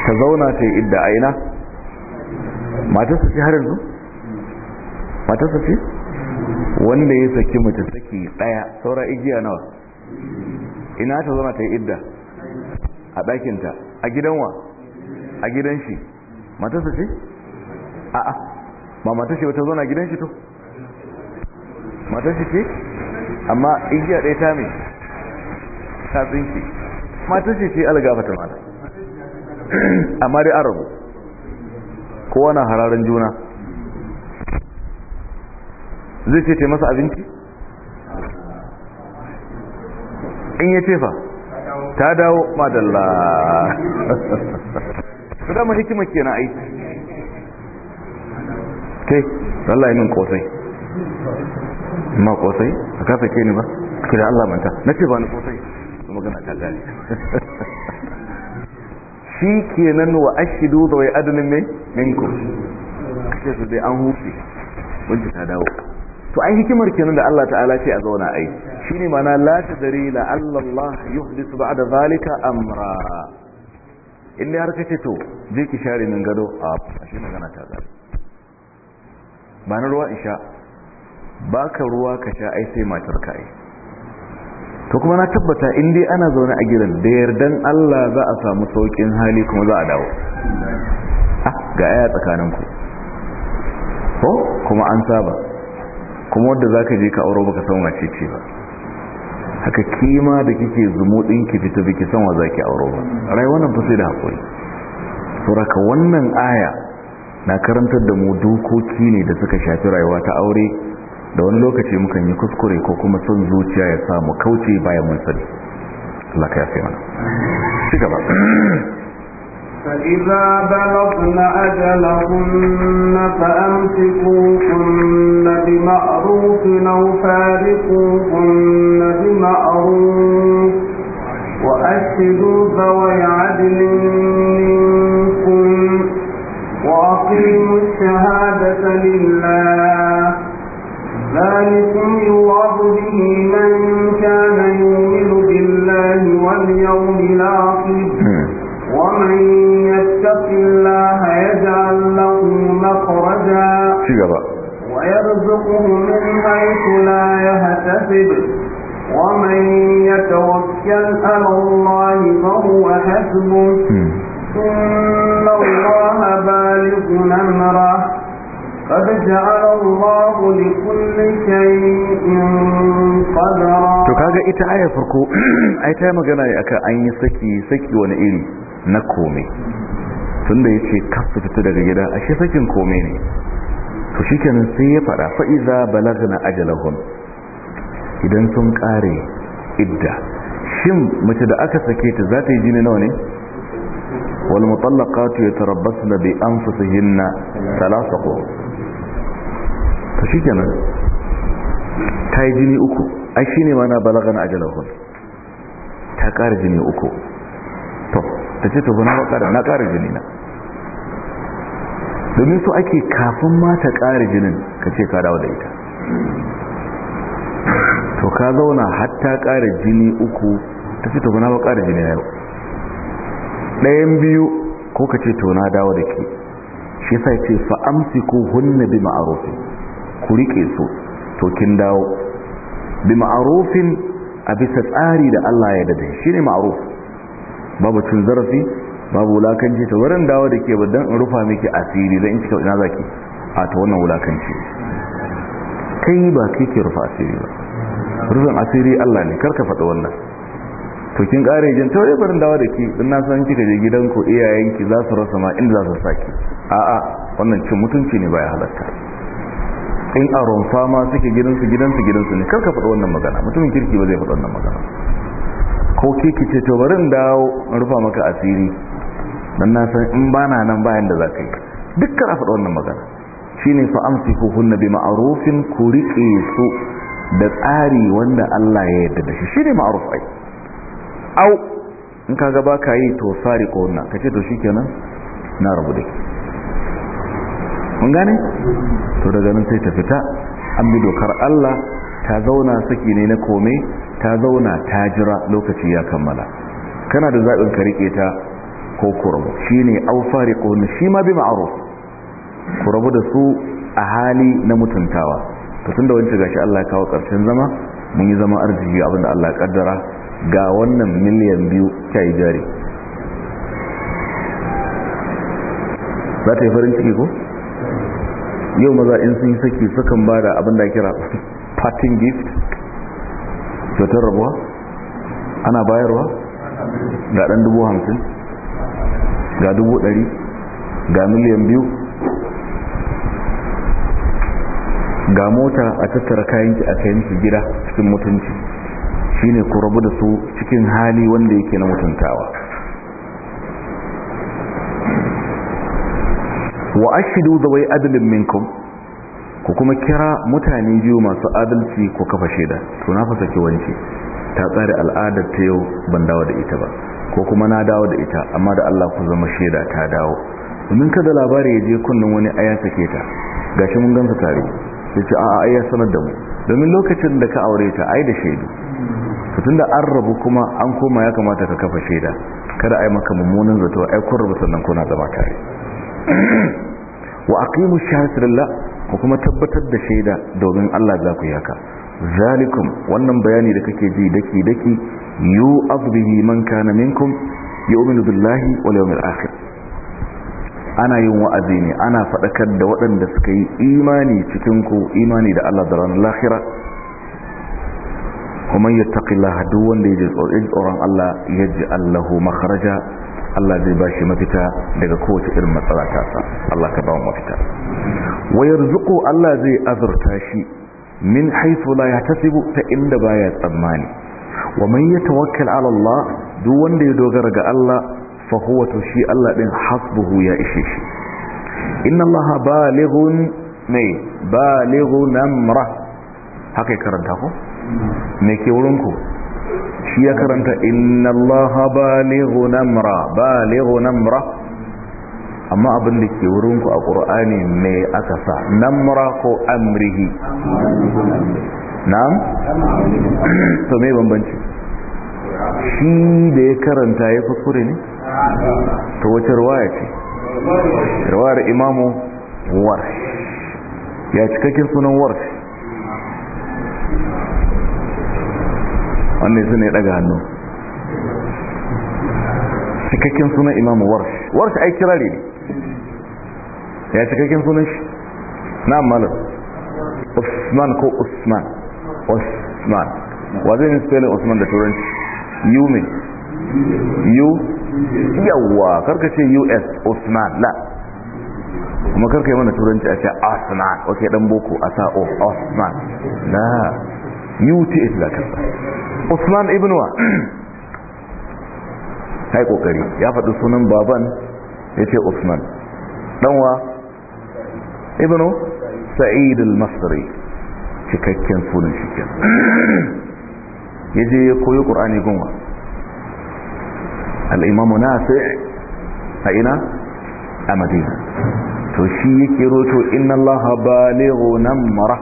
A: ta zauna ta yi idda aina mata su ce har yanzu Mata su wanda ya saki mace saki daya saura igiya nawa ina ta zauna ta yi idda a ɗakinta a gidanwa a gidan shi matarsa ce a'a ba matar shi ba ta zo na gidan shi to matar shi ce amma igiya ɗaya ta mai ta tsinki matar shi ce algafa ta mata amma dai arabu kowa na hararin juna zai ce ce masa abinci in ya ce fa ta dawo madalla *laughs* to dama hikima kenan ai kai Allah ya min kosai ma kosai a kafa ke ni ba kai da Allah manta na ce ba ni kosai to magana ta gani *laughs* shi kenan wa ashe da wai adalin mai minkum kace su dai an huce wanda ta dawo to ai hikimar kenan da Allah ta'ala ce a zauna ai shine ma'ana la tadri la Allah yuhdithu ba'da zalika amra in har kace to je ki share min gado a ashe magana ta zai ba na ruwa isha ba ka ruwa ka sha ai sai matar ka ai to kuma na tabbata in dai ana zaune a gidan da yardan Allah za a samu saukin hali kuma za a dawo ga aya ku ko kuma an saba kuma wanda zaka je ka auro baka san wace ce ba haka kima da kike zumuɗin ki fita biki san wa ki auro ba rai wannan fa sai da hakuri suraka wannan aya na karantar da mu dokoki ne da suka shafi rayuwa ta aure da wani lokaci mukan yi kuskure ko kuma son zuciya ya samu kauce bayan mun sani Allah ka
C: yafe mana ci gaba
B: فإذا بلغن أجلهن فأمسكوهن بمعروف أو فارقوهن بمعروف وأشهدوا ذوي عدل منكم وأقيموا الشهادة لله ذلكم يوعظ به من كان يؤمن بالله واليوم الآخر ومن
C: cigaba
A: to kaga ita aya farko ai ta magana ne akan an yi saki saki wani iri na komai tun da ya ce kasu fita daga gida a shi sakin kome ne to shi kenan sai ya fada fa'iza na ajalahun idan sun kare idda shin mace da aka sake ta za ta yi jini nawa ne Wani wal mutallaqatu yatarabbasna bi anfusihinna thalatha qur to shikenan ta yi jini uku ai ne mana na ajalahun ta kare jini uku ta ce tofa na ƙara jini na domin su ake kafin ma ta ƙara jinin ka ce ka dawo da ita to ka zauna hatta ƙara jini uku ta ce tofa na ƙara jini na yau ɗayan biyu ko ka ce to na dawo da ke shi sai ce fa'amsi ko hunna bi ma’arufin ku riƙe su to kin dawo bi ma'arufin a bisa tsari da Allah ya dade shi ne ma’arufin babu cin zarafi babu wulakanci ta wurin dawo da ke ba in rufa miki asiri zan cika ina zaki a ta wannan wulakanci kai ba kai ke rufa asiri ba rufin asiri Allah ne karka faɗa wannan to kin ƙare jin ta wai barin dawo da ke in na san kika je gidanku iyayenki za su rasa ma inda za su saki a'a wannan cin mutunci ne baya halatta in a rumfa ma suke gidansu gidansu gidansu ne karka faɗa wannan magana mutumin kirki ba zai faɗa wannan magana ko kiki ce to bari in dawo in rufa maka asiri dan na san in bana nan bayan da ka yi dukkan a faɗa wannan magana shine fa ko hunna bi ma'arufin ku riƙe su da tsari wanda Allah ya yarda da shi shine ma'ruf ai au in ka gaba baka yi to sari ko wannan kace to shikenan na rabu da ki mun gane to daga nan sai ta fita an bi dokar Allah ta zauna saki ne na kome ta zauna ta jira lokaci ya kammala kana da zaɓin ka riƙe ta ko kurabu shi ne aufari ƙoni shi ma bi ma'aruf kurabu da su a hali na mutuntawa ta tun da wancan gashi Allah ya kawo ƙarshen zama mun yi zama arziki abinda Allah ya ƙaddara ga wannan miliyan biyu ta yi jari za ta yi farin ciki ko yau maza in sun yi saki sukan ba da abinda kira parting gift kyautar rabuwa ana bayarwa ga ɗan dubu hamsin ga dubu ɗari ga miliyan biyu ga mota a tattara kayanki a kayan su gida cikin mutunci shine ku rabu da su cikin hali wanda yake na mutuntawa wa ashidu da wai adalin minkum ku kuma kira mutane biyu masu adalci ko kafa shaida to na fasa ki wanke ta tsare al'adar ta yau ban dawo da ita ba ko kuma na dawo da ita amma da Allah ku zama shaida ta dawo domin kada labari ya je kunnin wani aya take ta gashi mun gansa tare yace a'a ya sanar da mu domin lokacin da ka aure ta ai da shaidu to tunda an rabu kuma an koma ya kamata ka kafa shaida kada ai maka mummunan zato ai kun rabu sannan kuna zama tare
C: *clears throat*
A: wa aqimu shahadata lillah ku kuma tabbatar da shaida domin Allah za ku yi haka zalikum wannan bayani da kake ji daki daki yu'adhu bihi man kana minkum yu'minu billahi wal yawmil akhir ana yin wa'azi ne ana faɗakar da waɗanda suka yi imani cikinku imani da Allah da ranar lahira kuma ya taƙi lahadu wanda ya ji tsoron Allah ya ji Allahu makaraja Allah zai ba shi mafita daga kowace irin matsala tasa Allah ka ba mafita wayar zuko Allah zai azurta shi min haisu la ya tasibu ta inda ba ya tsammani wa man ya tawakkal ala Allah duk wanda ya dogara ga Allah fa huwa to shi Allah din hasbuhu ya ishe shi inna Allah balighun mai balighun amra haka karanta ko me ke wurin ku shi ya karanta inna Allah balighun amra balighun amra amma abin da ke wurinku a ƙur'ani ne aka sa nan ko amrihi nan? *clears throat* to mai bambanci shi da ya karanta ya kuskure ne to wace ruwaya ce ruwayar imamu warsh ya cikakken sunan warsh wannan su ne daga hannu cikakken sunan imamu warsh warsh ai kirari ne ya cikakken sunan shi na malam usman ko usman usman wa zai ne spelling usman da turanci Yu ne yu yawwa karka ce us usman la kuma karka yi mana turanci a ce osman ok dan boko a sa Yu la uts da kasa. usman ibn wa kai ya faɗi sunan baban ya ce usman ɗanwa ibnu sa'id al-masri cikakken sunan shi kenan yaje ya koyi qur'ani gunwa al-imam nafi' a ina a madina to shi yake roto inna allaha balighu namra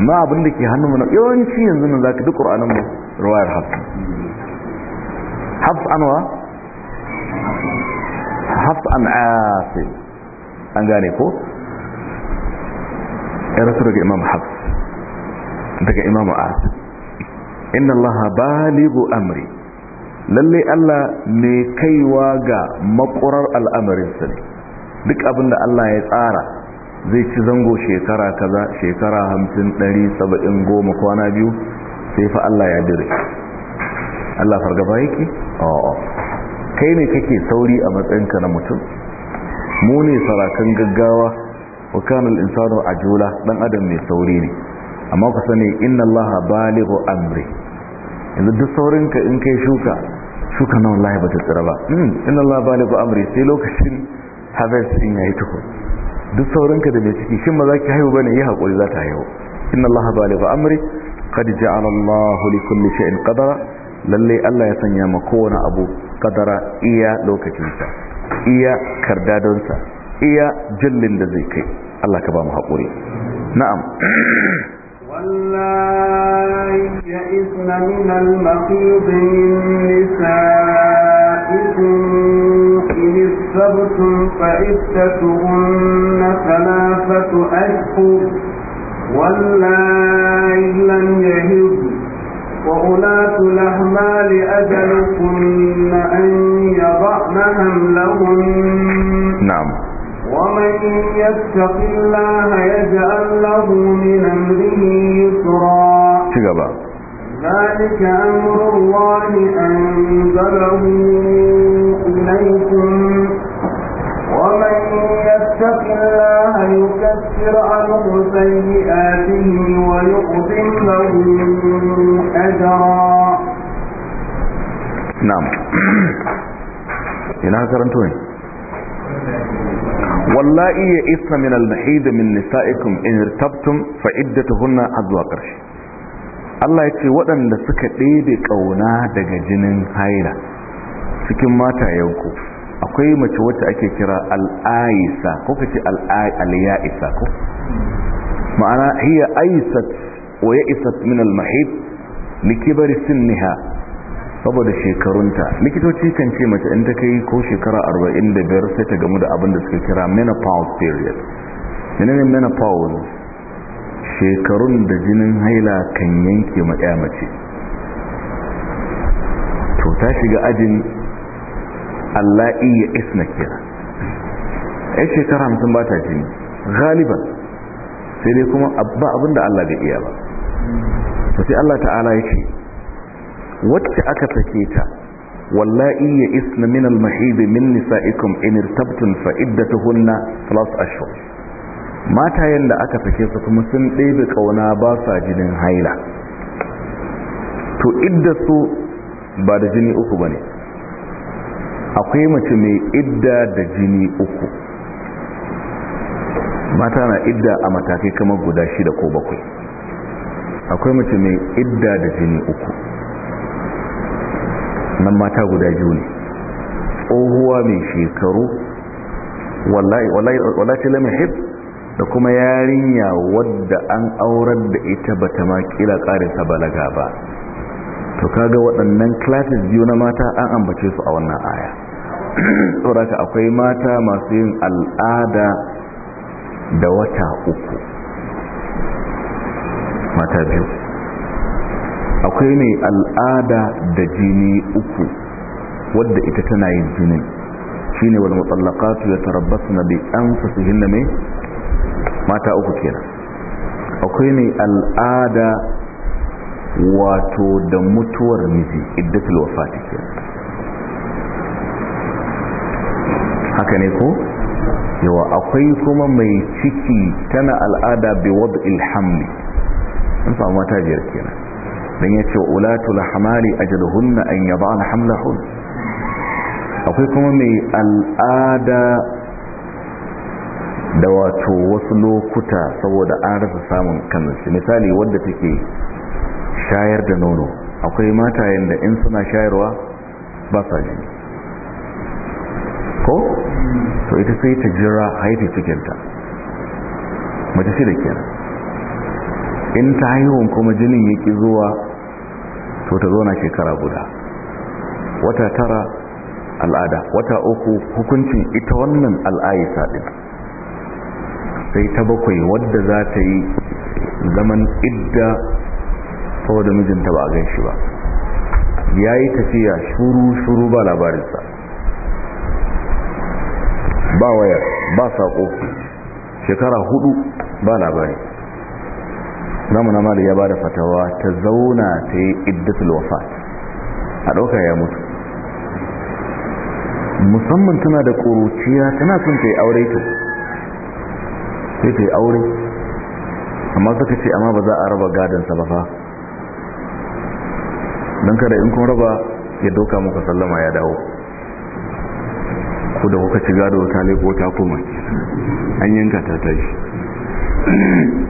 A: amma abin da ke hannun mu yawanci yanzu nan zaka duk qur'anin mu riwayar hafs hafs anwa hafs an asim an gane ko ya rasu daga imam hafs daga imam as inna allaha baligu amri lalle allah ne kaiwa ga makurar al'amarin ne duk abin da allah ya tsara zai ci zango shekara kaza shekara hamsin ɗari saba'in goma kwana biyu sai fa allah ya dire allah fargaba yake? o kai ne kake sauri a matsayinka na mutum mu ne sarakan gaggawa wa kana al-insanu ajula dan adam mai sauri ne amma ku sani inna allaha balighu amri yanzu duk saurinka in kai shuka shuka na wallahi ba ta tsira ba hmm, inna allaha balighu amri sai lokacin harvest din yayi tuku duk saurinka da mai ciki shin ba za ki haihu bane yi hakuri za ta haihu inna allaha balighu amri qad ja'ala allahu li kulli shay'in qadara lalle Allah ya sanya ma kowane abu qadara iya lokacinsa iya kardadonsa iya jallin da zai kai Allah ka ba mu haƙuri na'am
B: والله يئسن من المخيض من نسائكم إن استبتم فإفتتهن ثلاثة أشهر والله لم يهضن وأولاة الأحمال أجلكن أن يضعن حملهن نعم ومن يتق الله يجعل له من أمره يسرا
C: ذلك
B: أمر الله أنزله إليكم ومن يتق الله يكفر عنه سيئاته ويعظم له أجرا
A: نعم ina karanto ne wallahi ya isa min al-mahid min nisa'ikum in irtabtum fa iddatuhunna azwa qarshi Allah ya ce waɗanda suka ɗebe ƙauna daga jinin haila cikin mata matayenku akwai mace wacce ake kira al'aisa ko kace al'aisa ko ma'ana hiya aisat wa ya'isat min al-mahid likibari sinniha saboda shekarunta likitoci kan ce mace in ta kai ko shekara arba'in 45 sai ta gamu da abin da suka kira menopause period menene menopause shekarun da jinin haila kan yanke maɗaya mace to ta shiga ajin alla'i ya isna kira ya shekara hamsin ba ta jini galiban sai dai kuma ba abin da allah bai iya ba to sai allah ta'ala ya ce wacce aka sake ta wallahi ya isna min al-mahid min nisa'ikum in irtabtum fa iddatuhunna thalath ashhur Mata yanda aka sake su kuma sun ɗebe kauna ba sa jinin haila to idda su ba da jini uku bane akwai mace mai idda da jini uku mata na idda a matakai kamar guda shida ko bakwai akwai mace mai idda da jini uku nan mata guda biyu ne tsohuwa mai shekaru wallace lamin hib da kuma yarinya wadda an aurar da ita ba ta makila ƙarinsa balaga ba to kaga waɗannan classes biyu na mata an ambace su a wannan aya tsoraka *clears throat* akwai mata masu yin al'ada da wata uku mata biyu akwai mai al'ada da jini uku wadda ita tana yin jinin shine wal mutallaqatu yatarabbasna bi hinna mai mata uku kenan akwai ne al'ada wato da mutuwar miji iddatul wafati kenan haka ne ko yawa akwai kuma mai ciki tana al'ada bi wadda ilhamni an samu mata biyar kenan dan yace ulatul hamali ajaluhunna an yad'ana hamlahun akwai kuma mai al'ada da wato wasu lokuta saboda an rasa samun kansu misali wadda take shayar da nono akwai matayen da in suna shayarwa ba sa ji ko to ita sai ta jira haifi cikinta mace shida kenan in ta haihun kuma jinin yake zuwa to ta zo na shekara guda wata tara al'ada wata uku hukuncin ita wannan al'aisa ɗin sai ta bakwai wadda za ta yi zaman idda saboda mijinta ba a gan shi ba ya yi tafiya shuru-shuru ba labarinsa ba wayar ba saƙo shekara hudu ba labari imamu na mali ya ba da fatawa ta zauna ta yi iddatul wafat a ɗauka ya mutu musamman tana da ƙuruciya tana son ta yi aure ta sai ta yi aure amma suka ce amma ba za a raba gadansa ba fa don kada in kun raba ya doka muka sallama ya dawo ku da kuka ci gado ta leko ta koma an yanka ta tashi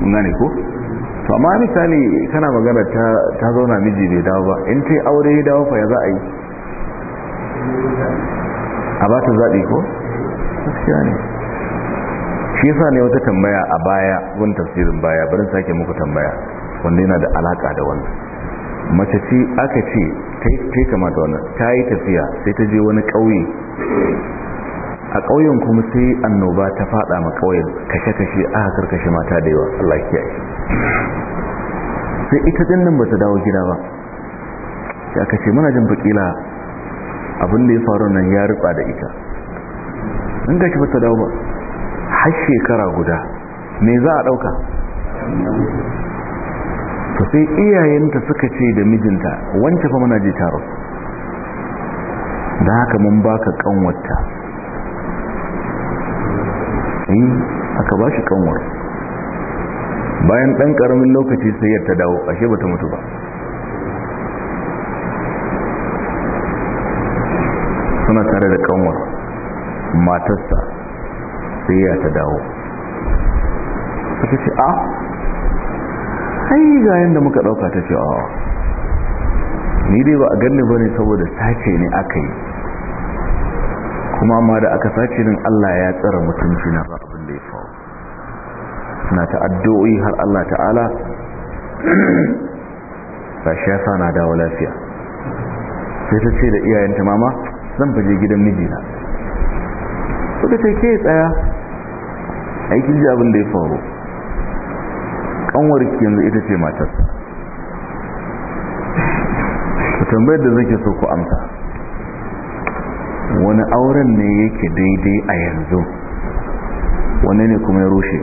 A: gane ko to amma misali kana magana ta zauna miji bai dawo ba in ta aure ya dawo fa za a yi a ba ta zaɓi ko? gaskiya ne shi yasa ne wata tambaya a baya wani tafsirin baya barin sake muku tambaya wanda yana da alaka da wannan mace ce aka ce ta yi kamata ta yi tafiya sai ta je wani ƙauye a ƙauyen kuma sai annoba ta faɗa ma ƙauyen kashe-kashe aka karkashe mata da yawa Allah ya sai ita dinnan ba ta dawo gida ba Ya kashe muna jin fakila abin da ya faru nan ya rufa da ita in ba ta dawo ba har shekara guda me za a dauka to sai iyayenta suka ce da mijinta wance fa muna ji taro da haka mun baka kanwata yi aka ba shi kanwar bayan ɗan ƙaramin lokaci sai yadda dawo ashe bata mutu ba suna tare da kanwar matarsa sai ya ta dawo suka ce a ah, hai ga yadda muka ɗauka ta ce a ni dai ba a ganni ba ne saboda sace ne aka yi kuma ma da aka sace din Allah ya tsara mutunci na ba abin da ya faru na ta addu'o'i har Allah ta'ala ba shi yasa na dawo lafiya sai ta ce da iyayenta mama zan faje gidan mijina suka ce ke tsaya aikin ji abin da ya faru kanwar yanzu ita ce matarsa *laughs* tambayar da zake so ku amsa wani auren ne yake daidai a yanzu wani ne kuma ya rushe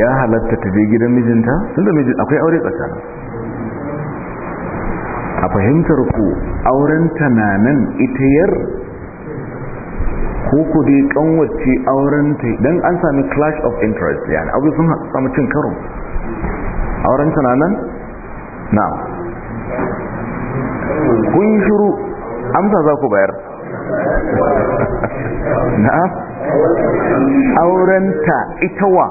A: ya halatta ta je gidan mijinta sun da mijin akwai aure tsakanin a fahimtar ku auren tananan yar ko ku dai kanwace auren ta don an sami clash of interest yana abu sun samu cin karo auren tananan na amsa za ku bayar na'am aurenta ita wa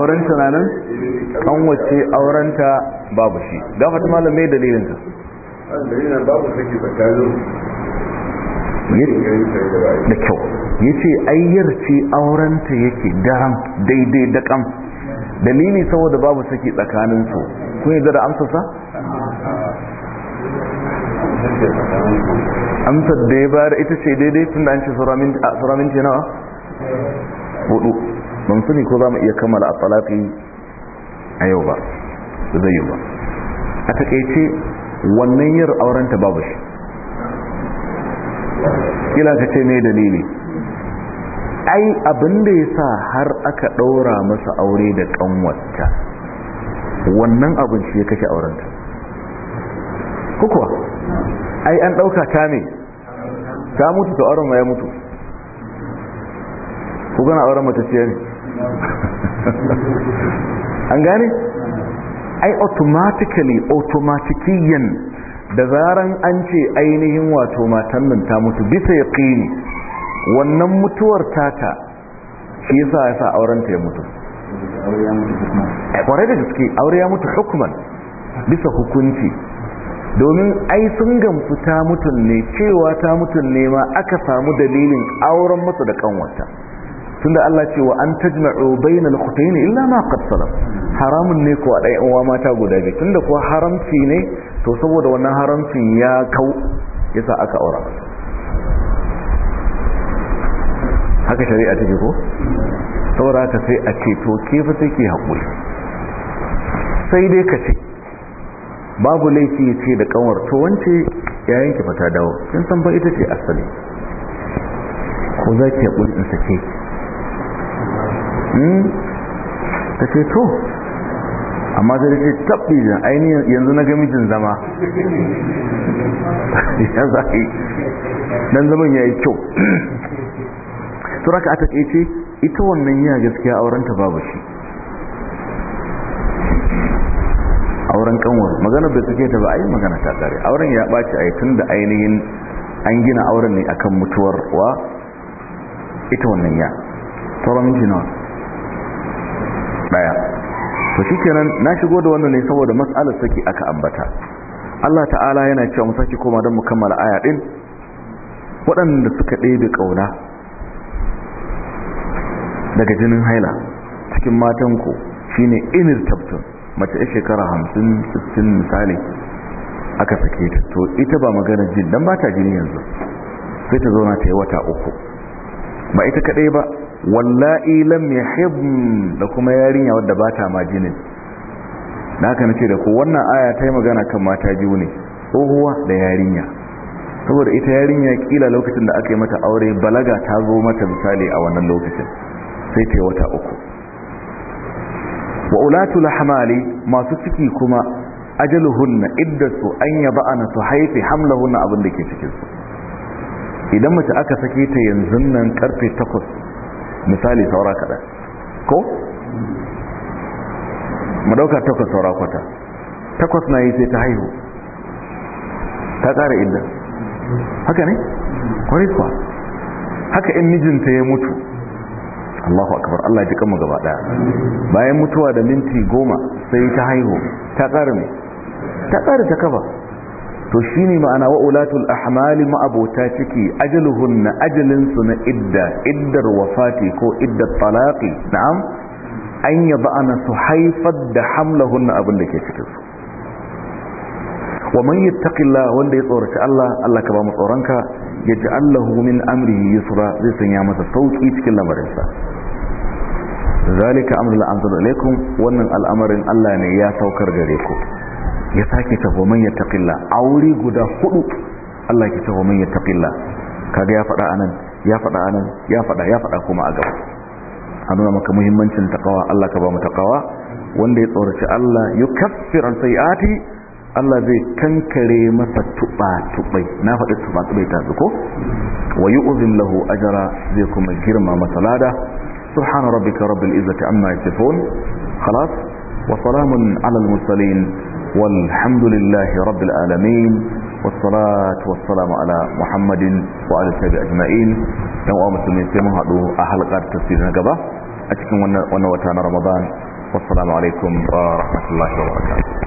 A: aurenta na nan an wace aurenta babu shi gafata malam mai dalilin
B: babu da kyau
A: ya ce ayyar ce aurenta yake daram daidai da kam dalili saboda babu saki tsakaninsu kun yi da amsasa amsar da ya bayar ita ce daidai tun da an ce suraminti nawa hudu ban sani ko za mu iya kammala a tsalafi a yau ba zai yi ba a takaice wannan yin aurenta babu shi kila ka ce mai dalili ai abin da ya sa har aka ɗaura masa aure da ƙanwata wannan abin shi ya kashe aurenta kukuwa ai an ɗauka ta ne ta mutu ta auren ma ya mutu ku gana auren matacciya ne *laughs* an gane ai automatically automatikiyan da zaran an ce ainihin wato matan nan ta mutu bisa ya wannan mutuwar tata shi yasa ya sa aurenta ya mutu kwarai da gaske aure ya mutu hukuman bisa hukunci domin ai sun gamsu ta mutun ne cewa ta mutun ne ma aka samu dalilin auren masa da kanwata tunda Allah ce wa an tajma'u bainal khutayni illa ma qad salaf haramun ne ko dai uwa mata guda biyu tunda kuwa haramci ne to saboda wannan haramcin ya kau yasa aka aura haka shari'a take ko saboda ka sai a ce to ke fa sai ke hakuri sai dai ka ce babu laifi ya ce da kanwar to wance ya yanki fata dawo sun san ba ita ce asali ko za ki yaƙuri in sake hmm? ta ce to amma zai ce tabbi jin ainihin yanzu na ga mijin zama
C: *laughs* ya za a yi
A: dan zaman ya yi kyau turaka *clears throat* a ce ita wannan yana gaskiya ta babu shi auren kanwar maganar da suke ta ba a yi magana ta tsari auren ya ɓaci a yi tun da ainihin an gina auren ne akan mutuwar wa ita wannan ya tauron jina ɗaya daya shi kenan na shigo da wannan ne saboda matsalar saki aka ambata Allah ta'ala yana cewa mu sake koma don mu kammala aya din waɗanda suka ɗebe ƙauna daga jinin haila cikin matanku shine inir tabtun mace ya shekara hamsin sittin misali aka sake ta to ita ba magana jin don ba ta jini yanzu sai ta zauna ta yi wata uku ba ita kaɗai ba wallahi lam yahib da kuma yarinya wadda ba ta ma jini da haka nace da ku wannan aya ta yi magana kan mata biyu ne tsohuwa da yarinya saboda ita yarinya kila lokacin da aka yi mata aure balaga ta zo mata misali a wannan lokacin sai ta yi wata uku wa ulatul hamali masu ciki kuma ajaluhunna iddatu an yaba'ana su haifi hamlahunna abin da ke cikin su idan mace aka sake ta yanzu nan karfe takwas, misali saura kaɗan ko mu dauka 8 saura kwata takwas na yi sai ta haihu ta ƙara idda haka ne kwarai kuwa haka in mijinta ya mutu Allahu akbar Allah ya ji mu gaba daya bayan mutuwa da minti goma sai ta haihu ta ƙara ta ƙara ta kaba to shine ma'ana wa ulatul ahmali ma'abota ciki ajaluhunna ajalinsu na idda iddar wafati ko iddar talaqi na'am an ana su haifar da hamlahunna abin da ke cikin su wa man yattaqillah wanda ya tsoraci Allah Allah ka ba mu tsoronka ya ji allahu min amri yusra zai sanya masa sauki cikin lamarinsa zalika amrul anzal alaikum wannan al'amarin Allah ne ya saukar gare ku ya sake ta goman ya taqilla auri guda hudu Allah ke ta goman ya taqilla kaga ya faɗa anan ya faɗa anan ya faɗa ya faɗa kuma a gaba a nuna maka muhimmancin taqwa Allah ka ba mu taqwa wanda ya tsoraci Allah yukaffiru sayyi'ati Allah zai kankare masa tuba-tubai na faɗi tuba-tubai ta zuko wa yi uzin lahu ajara zai kuma girma masa lada subhana rabbika rabbil izzati amma yasifun khalas wa salamun ala al-mursalin walhamdulillahi rabbil alamin والصلاة والسلام على محمد وعلى السابع أجمعين يوم مسلمين سيمون هدو أحلقات تفسيرنا قبا أتكم ونواتا رمضان والسلام عليكم ورحمة الله وبركاته